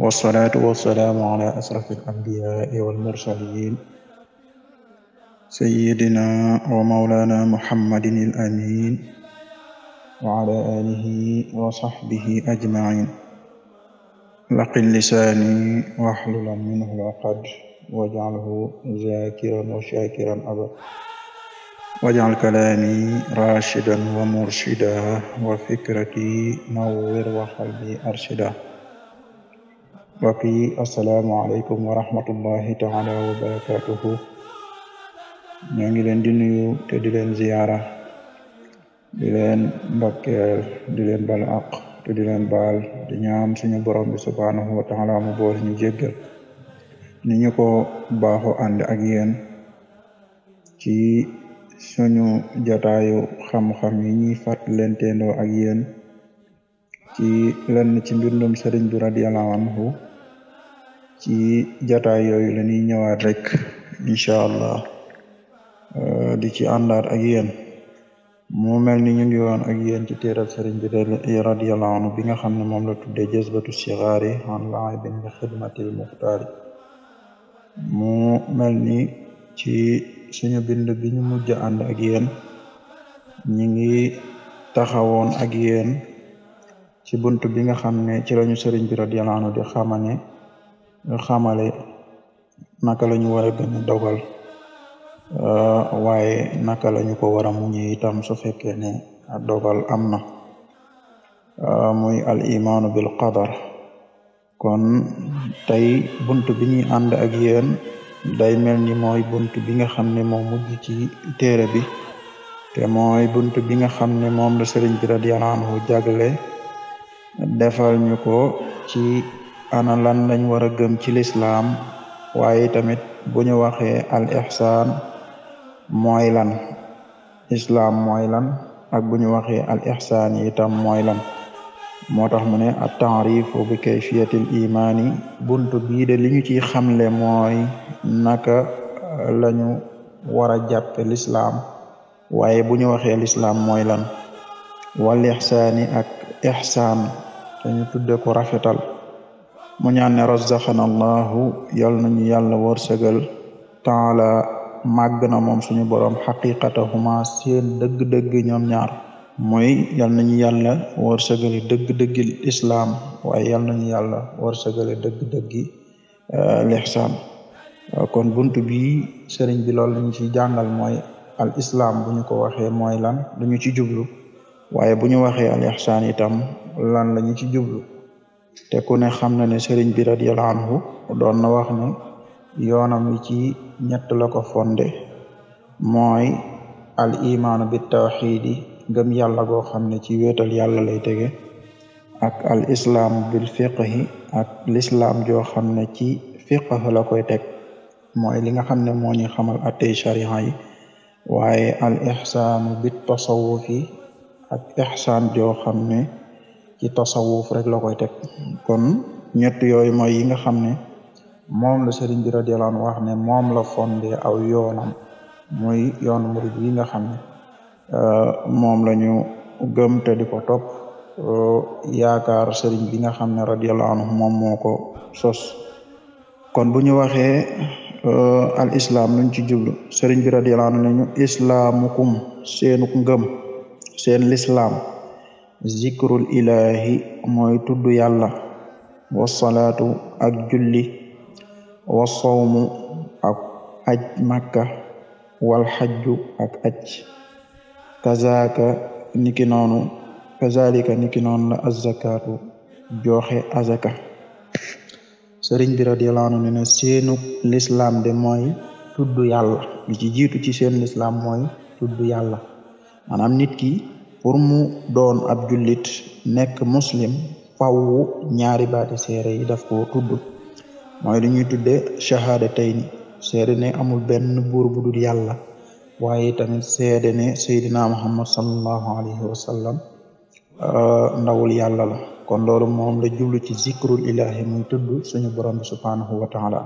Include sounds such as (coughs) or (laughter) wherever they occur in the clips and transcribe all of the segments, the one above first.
wasalaatu wasalaamu ala asrafi alambiyaai walmursalin sayidina wa maulana muhammadin alamin wa ala alihi wa sahbihi ajmain laqin lisaani waxlulan minhu laqad wajcalhu zakiran wa shakiran aba wajcal kalaami rashidan wa murshida wa fikrati nawwir wa qalbi arshida mbokk yi asalaamualeykum wa rahmatullahi taala wa barakatuhu ñoo ngi leen di nuyu te di leen ziyaara di leen mbakkeel di leen bal aq te di leen baal di ñaan suñu borom bi subhanahu wa taala mu bool ñu jéggal ni ñu ko baaxoo ànd ak yéen ci suñu jataayu xam-xam yi ñuy fàttalanteenoo ak yéen ci lenn ci mbindum sëriñ bi radiyallahu anhu ci jataay yooyu la ñuy ñëwaat rek incha allah euh, di ci àndaat ak yéen mu mel ni ñu ngi woon ak yéen ci téeral sëriñ bi radiyallahu anhu bi nga xam ne moom la tudde jazbatu sigaari an laibin bi xidmatil muxtaari mu mel ni ci suñu bind bi ñu mujj ànd ak yéen ñi ngi taxawoon ak yéen ci bunt bi nga xam ne ci lañu sëriñ bi radiyallahu anhu di xamane ñu xamale naka lañu ñu war a gën dogal euh, waaye naka lañu ko war a muñe itam su fekkee ne dogal am na euh, muy al imaanu bil qadar kon tey bunt bi ñuy ànd ak yéen day mel ni mooy bunt bi nga xam ne moo mujj ci téere bi te mooy bunt bi nga xam ne moom la sëriñ bi radiyallahu anhu jagle defal ñu ko ci ana lan lañ war a gëm ci lislaam waaye tamit bu ñu waxee al ihsaan mooy lan islaam mooy lan ak bu ñu waxee al ihsaan yi tam lan moo tax mu ne at taarifu bi kayfiyatil imaani buntu bii de li ñu ciy xamle mooy naka lañu wara a jàppe lislaam waaye bu ñu waxee lislaam mooy lan wal ak ihsaan te ñu ko rafetal mu ñaan ne razaqana allahu yal nañu yàlla wërsëgal taala màgg na moom suñu borom xaqiqatahuma seen dëgg-dëgg ñoom ñaar mooy yal nañu yàlla wërsëgal dëgg-dëggi waaye yal nañu yàlla wërsëgal dëgg-dëggi euh, lixsaan kon bunt bi sëriñ bi loolu lañu ci jàngal mooy al islaam bu ñu ko waxee mooy lan lu ñu ci jublu waaye bu ñu waxee al itam lan lañu ci jublu te ku ne xam na ne sëriñ bi radiyallahu anhu doon na wax ne wi ci ñett la ko fonde mooy al imaanu bi tawxiidi gëm yàlla goo xam ne ci wéetal yàlla lay tege ak al islaam bil fiqhi ak l'islaam joo xam ne ci fiqh la koy teg mooy li nga xam ne moo ñu xamal attey sharia yi waaye al ixsaanu bit tasawufi ak ixsaan joo xam ne ci tasawuf rek la koy teg kon ñett yooyu mooy yi nga xam ne moom la sëriñ bi radiyallahu anhu wax ne moom la fondé aw yoonam mooy yoon murid yi nga xam ne euh, moom la ñu gëm te di ko topp euh, yaakaar sëriñ bi nga xam ne radiyallahu anhu moom moo ko sos kon bu ñu waxee euh, al islam luñ ci jublu sëriñ bi radiyallahu anhu ne ñu islaamukum seen lislaam zikrul ilahi mooy tuddu yàlla wasalaatu ak julli wasawmu ak aj makka walxajju ak aj kazaaka niki kazalika niki la azakaatu joxe azaka sëriñ bi radiyallahu anhu ne na de mooy tudd yàlla li ci jiitu ci seen lislaam mooy tudd yàlla maanaam nit pour mu doon ab jullit nekk muslim fawwu ñaari baati seere yi daf ko tudd mooy li ñuy tudde shahada tey ni seede ne amul benn buur bu dul yàlla waaye tamit seede ne seydina muhammad sallallahu alayhi wa euh, ndawul yàlla la kon loolu moom la jublu ci zikrul ilahi muy tudd suñu borom bi subhanahu wa taala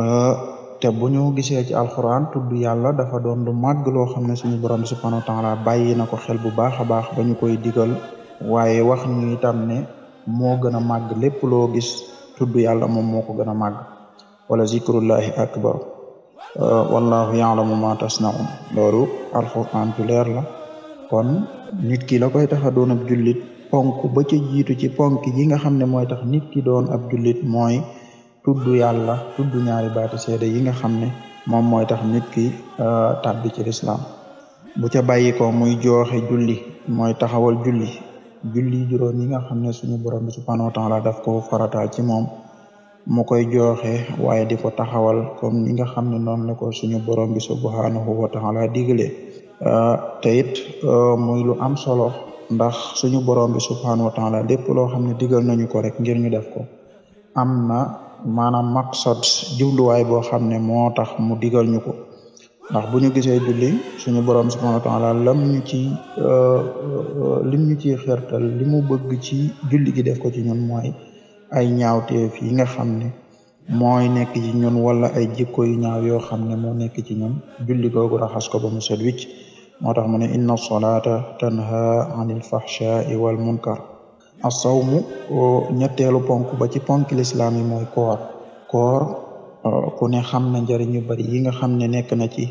euh, te bu ñu gisee ci alxuraan tudd yàlla dafa doon lu màgg loo xam ne suñu borom subhanahu wa taala bàyyi na ko xel bu baax a baax ba ñu koy digol waaye wax ñu itam ne moo gën a màgg lépp loo gis tudd yàlla moom moo ko gën a màgg wala zikrullahi akbar euh, wallahu yaalamu ma tasnaun loolu alxuraan ju leer la kon nit la koy tax a doon ab ponk ba ca jiitu ci ponk yi nga xam ne mooy tax nit ki doon ab jullit mooy tudd yàlla tudd ñaari baatu seede yi nga xam ne moom mooy tax nit ki euh, tàbbi ci lislaam bu ca bàyyi ko muy jooxe julli mooy taxawal julli julli juróom yi nga xam ne suñu borom bi subhanahu wa taala daf ko farataal ci moom mu koy jooxe waaye di ko taxawal comme ñi nga xam ne noonu la ko suñu borom bi subhanahu wa taala digle euh, te it euh, muy lu am solo ndax suñu borom bi subhanahu wa taala lépp loo xam ne digal nañu ko rek ngir ñu def ko am maanaam maqsad jubluwaay boo xam ne moo tax mu digal ñu ko ndax bu ñu gisee julli suñu borom subhanahu wa lam ñu ci euh, euh, lim ñu ciy xertal li mu bëgg ci julli gi def ko ci ñun mooy ay ñaawteef yi nga xam ne mooy nekk ci ñun wala ay jikko yu ñaaw yoo xam ne moo nekk ci ñun julli googu raxas ko ba mu set moo tax mu ne inna salaata tanha anil fahshai wal munkar asawmu ñetteelu ponk ba ci ponk lislaam yi mooy koor koor ku ne xam na njariñ yu bari yi nga xam ne nekk na ci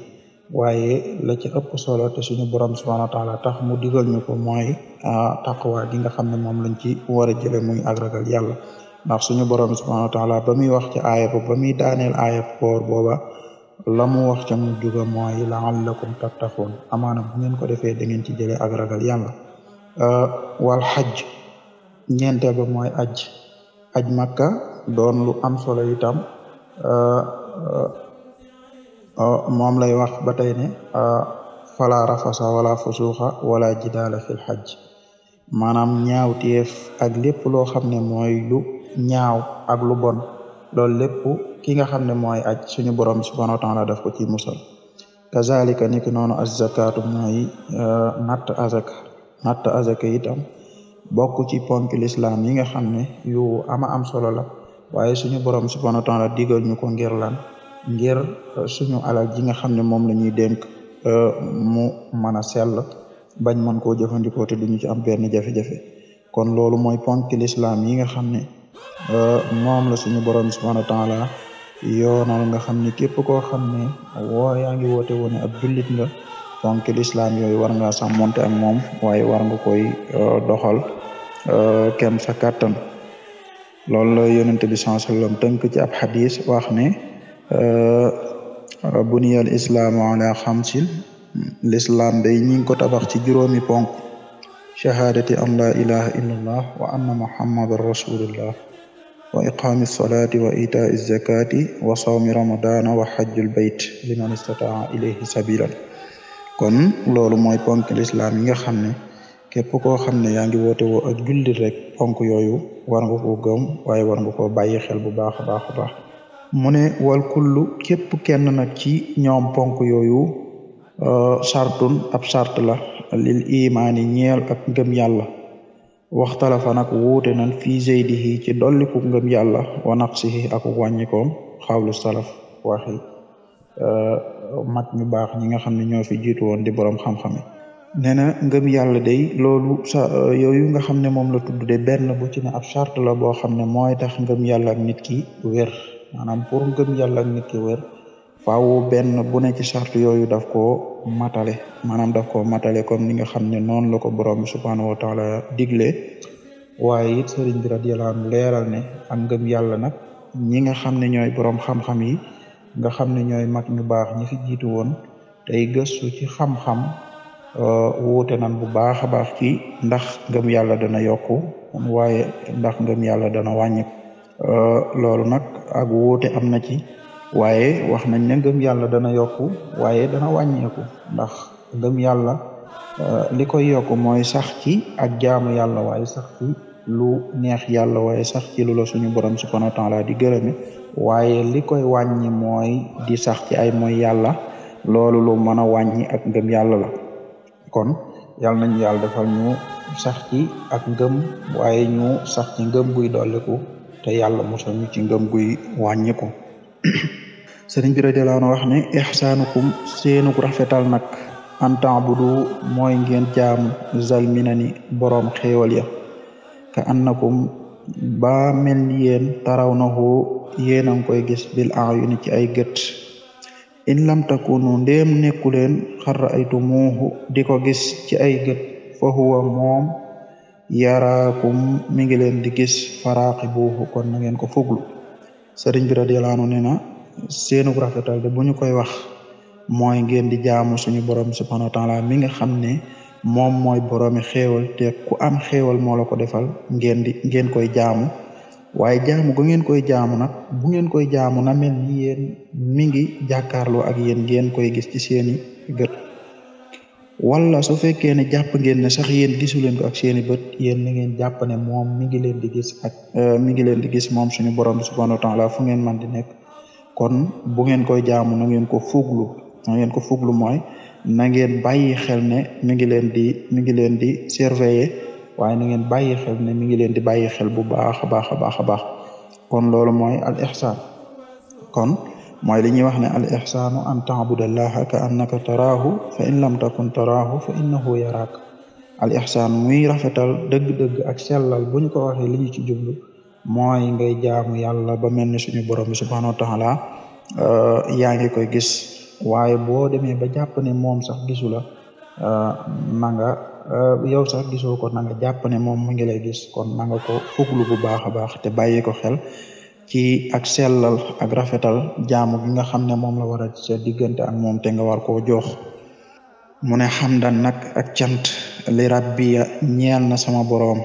waaye la ci ëpp solo te suñu borom subhanahu wa tax mu digal ñu ko mooy taqwa gi nga xam ne moom lañ ci war a jële muy ak ragal yàlla ndax suñu borom subhanahu wa taala ba muy wax ci aaya ba ba muy daaneel aaya koor booba la mu wax ca mu juga mooy laallakum tattaxoon amaana bu ngeen ko defee da ngeen ci jële ak ragal wal xaj ñeenteel ba mooy aj aj maka doon lu am solo itam euh, euh, euh, moom lay wax ba tey ne fala rafasa wala fusuuxa wala jidaala fil xaj maanaam ñaaw téef ak lépp loo xam ne mooy lu ñaaw ak lu bon loolu lépp ki nga xam ne mooy aj suñu borom subhanahu wa taala daf ko ci musal kazalika niki noonu az zakatu mooy natt azaka natt azaka itam bokk ci ponk lislaam yi nga xam ne yu ama am solo la waaye suñu borom subhanahu wa taala digal ñu ko ngir lan ngir uh, suñu alal ji nga xam ne moom la ñuy dénk uh, mu mën a sell bañ mën koo jëfandikoo te ci am benn jafe kon loolu mooy ponk lislaam yi nga xam ne uh, moom la suñu borom subhanahu wa taala yoonal nga xam ne képp koo xam ne woo yaa ngi woote woon ab jullit nga ponk lislaam yooyu war nga sàmmonte ak moom waaye war nga koy doxal Euh, kem sa kàttan loolu la yonente bi sallallahu alayhi tënk ci ab xadis wax ne euh, buniyal islaamu ala xamsin l'islam day ñi ngi ko tabax ci juróomi ponk shahaadati an la ilaha illallah wa anna muhammadan rasulullah wa iqaami salaati wa itaa zakati wa sawmi ramadana wa xajjul bayt liman istataa ilayhi sabilan kon loolu mooy ponk lislaam yi nga xam ne képp ko xam ne yaa ngi woote ak jullit rek ponk yooyu war nga koo gëm waaye war nga koo bàyyi xel bu baax a baax a baax mu ne wal kullu képp kenn nag ci ñoom ponk yooyu euh, sartun ab sart la lil imaani ñeel ak ngëm yàlla waxtalafa nag wuute nan fii zeydihi ci dolliku ngëm yàlla wa naqsihi ak wàññikoom xawlu salaf waxi euh, mag ñu baax ñi nga xam ne ñoo fi jiitu woon di borom xam-xam nee na ngëm yàlla day loolu sa euh, yooyu nga xam ne moom la tudd de benn bu ci ne ab charte la boo xam ne mooy tax ngëm yàlla ak nit ki wér maanaam pour ngëm yàlla ak ki wér faawu benn bu ne ci yooyu daf koo matale maanaam daf koo matale comme ni nga xam ne noonu la ko borom subhaanahu wa taala digle waaye it sëriñ bi radiyallahu anhu leeral ne ak ngëm yàlla nag ñi nga xam ne ñooy boroom xam-xam yi nga xam ne ñooy mag ñu baax ñi fi woon tey gëstu ci xam-xam Euh, wuute nan bu baax a baax ci ndax ngëm yàlla dana yokku waaye ndax ngëm yàlla dana wàññiku euh, loolu nag ak wuute am na ci waaye wax nañ ne ngëm yàlla dana yokku waaye dana wàññeeku ndax ngëm yàlla euh, li koy yokku mooy sax ci ak jaamu yàlla waaye sax ci lu neex yàlla waaye sax ci lu la suñu borom subhanahu wa taala di gërëme waaye li koy wàññi mooy di sax ci ay mooy yàlla loolu lu mën a wàññi ak ngëm yàlla la kon yàlla nañu yàlla defal ñu sax ci ak ngëm waaye ñu sax ci ngëm guy dolliku te yàlla mosal ñu ci ngëm guy wàññiku (coughs) sëriñ bi radiyallahu anhu wax ne ihsaanukum seenuk rafetal nag an ta'budu mooy ngeen jaam zal minani boroom xéewal ya ka annakum ba mel ni yéen taraw na ko yéen a ngi koy gis bil a'yuni ci ay gët in lam takunu ndéem nekkuleen xarra aytu muuxu di ko gis ci ay gët fa huwa moom yaraakum mi ngi leen di gis faraaqi buuxu kon na ngeen ko foglu sëriñ bi radiyallahu anhu nee na seenu rafetal de bu ñu koy wax mooy ngeen di jaamu suñu borom subhanahu wa taala mi nga xam ne moom mooy boroomi xéewal te ku am xéewal moo ko defal ngeen di geen koy jaamu waaye jaamu gu ngeen koy jaamu nag bu ngeen koy jaamu na mel ni yéen mi ngi jàkkaarloo ak yéen ngeen koy gis ci seeni gët wala su fekkee ne jàpp ngeen ne sax yéen gisu leen ko ak seeni bët yéen na ngeen jàpp ne moom mi ngi leen di gis ak euh, mi ngi di gis moom suñu borom bi subhanahu wa taala fu ngeen man di nekk kon bu ngeen koy jaamu na ngeen ko fuglu na ngeen ko fuglu mooy na ngeen bàyyi xel ne mi ngi leen di mi ngi leen di surveiller waaye na ngeen bàyyi xel ne mi ngi leen di bàyyi xel bu baax a baax a baax a baax kon loolu mooy al ihsaan kon mooy li ñuy wax ne al ihsaanu an taabudallaha ka annaka taraahu fa in lam takun taraahu fa innahu yaraak al ihsaan muy rafetal dëgg-dëgg ak sellal bu ñu ko waxee li ci jublu mooy ngay jaamu yàlla ba mel ni suñu borom bi subhaanahu wa taala euh, yaa ngi koy gis waaye boo demee ba jàpp ne moom sax gisu la euh, na Euh, yow sax giso ko na nga jàpp ne moom mu ngi lay gis kon na nga ko fuglu bu baax a baax te bàyyi ko xel ci ak sellal ak rafetal jaamu gi nga xam ne moom la war a sa diggante ak moom te nga war koo jox mu ne xamdan nag ak cant li rabbiya ñeel na sama boroom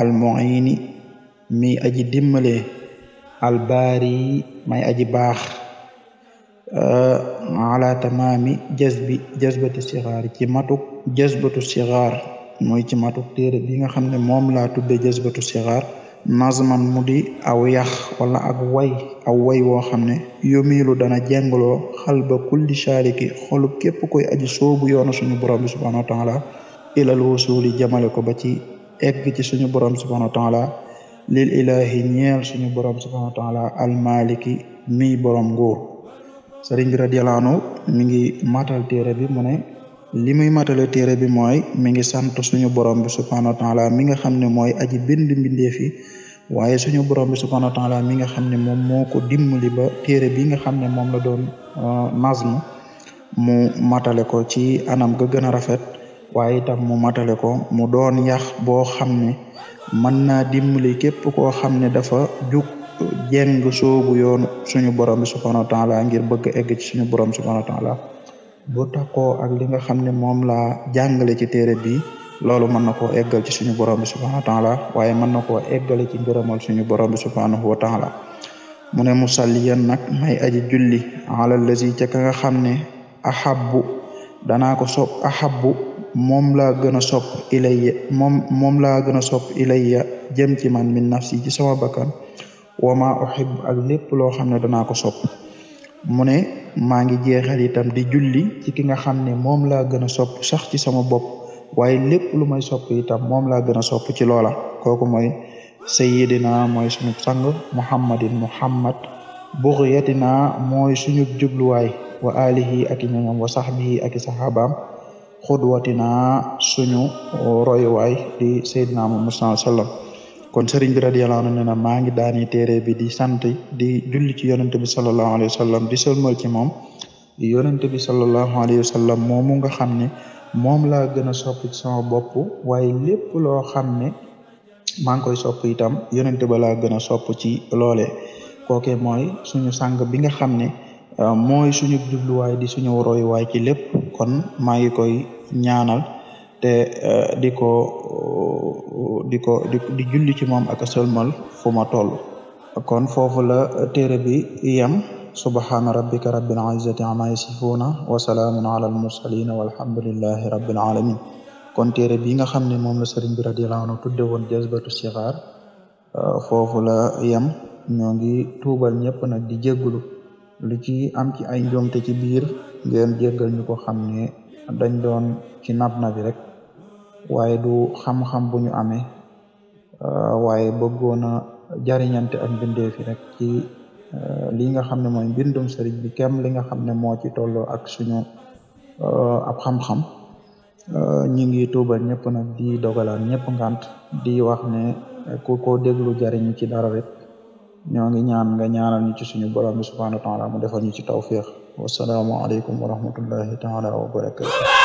almuini mi aji dimbale albaari may aji baax ala tamaami jazbi jazbati sixaar ci matuk jazbatu sixaar mooy ci matuk téere bi nga xam ne moom laa tudde jazbatu sixaar nazman mu di aw yax wala ak way aw way woo xam ne yomiilu dana jengloo xalba kulli shariki xolub képp koy aji soobu yoonu suñu borom bi subhanahu wa taala ilal wusuli jamale ko ba ci egg ci suñu borom subhanahu wa taala lil ilahi ñeel suñu borom subhanahu wa taala almaliki mi borom nguur sëriñ bi radiyallahu mi ngi matal téere bi mu li muy matale téere bi mooy mi ngi sant suñu borom bi subhanahu wa taala mi nga xam ne mooy aji bind mbindeef yi waaye suñu borom bi subhanahu wa taala mi nga xam ne moom moo ko dimbali ba téere bi nga xam ne moom la doon euh, nazm mu matale ko ci anam ga gën a rafet waaye itam mu matale ko mu doon yax boo xam ne mën naa dimbali képp koo xam ne dafa jug jeng soobu yoonu suñu borom bi subhanahu wa taala ngir bëgg egg ci suñu borom bi subhanahu la boo bu takkoo ak li nga xam ne moom laa jàngale ci téere bi loolu mën na koo eggal ci suñu borom bi subhanahu wa taala waaye mën na koo eggale ci ngërëmal suñu borom bi subhanahu wa taala mu ne musalliyan nag may aji julli ala lazi ka nga xam ne ahabbu danaa ko sopp ahabbu moom laa gën a sopp ilayya moom moom laa gën a sopp ilayya jëm ci man min si ci sama bakkan wa ma uhib ak lépp loo xam ne danaa ko sopp mu ne maa ngi jeexal itam di julli ci ki nga xam ne moom laa gën a sopp sax ci sama bopp waaye lépp lu may sopp itam moom laa gën a sopp ci loola kooku mooy sayyidina mooy suñu sang muhammadin muhammad bughyatina mooy suñu jubluwaay wa alihi ak i ñoñam wa sahbihi ak i sahabaam xudwatina suñu royuwaay di sayyidina muhammad sallam kon sëriñ bi radiyallahu anhu nee maa ngi daani téere bi di sant di julli ci yonente bi sallallahu alayhi wa sallam di sëlmal ci moom yonente bi sallallahu alayhi wa sallam moomu nga xam ne moom laa gën a sopp ci sama bopp waaye lépp loo xam ne maa ngi koy sopp itam yonente ba laa gën a sopp ci loole kooke mooy suñu sang bi nga xam ne mooy suñu jubluwaay di suñu royuwaay ci lépp kon maa ngi koy ñaanal te eh, di ko di ko di di julli ci moom ak sëlmal fu ma toll kon foofu la téere bi yem subhaana rabbika rabbil izzati amma yasifuuna wa salaamun ala mursalin walhamdulillahi rabbil alamin kon téere bi nga xam ne moom la sëriñ bi radiyallahu anhu tudde woon jazbatu sixaar eh, foofu la yem ñoo ngi tuubal ñëpp nag di jéggulu lu ci am ci ay njuumte ci biir ngeen jéggal ñu xam ne dañ doon ci nab na bi rek waaye du xam-xam bu ñu amee euh, waaye bëggoon a jariñante ak mbindeefi rek ci euh, li nga xam ne mooy mbindum sëriñ bi kem li nga xam ne moo ci tolloo ak suñu euh, ab xam-xam ñu ngi tuubal ñëpp nag di dogalaan ñëpp ngant di wax ne ku ko déglu jariñu ci dara rek ñoo ngi ñaan na ñaanal ñu ci suñu bo bi subhanahu wa taala mu defal ñu ci tawfiq wasalaamu aleykum wa rahmatullahi taala wa barakatu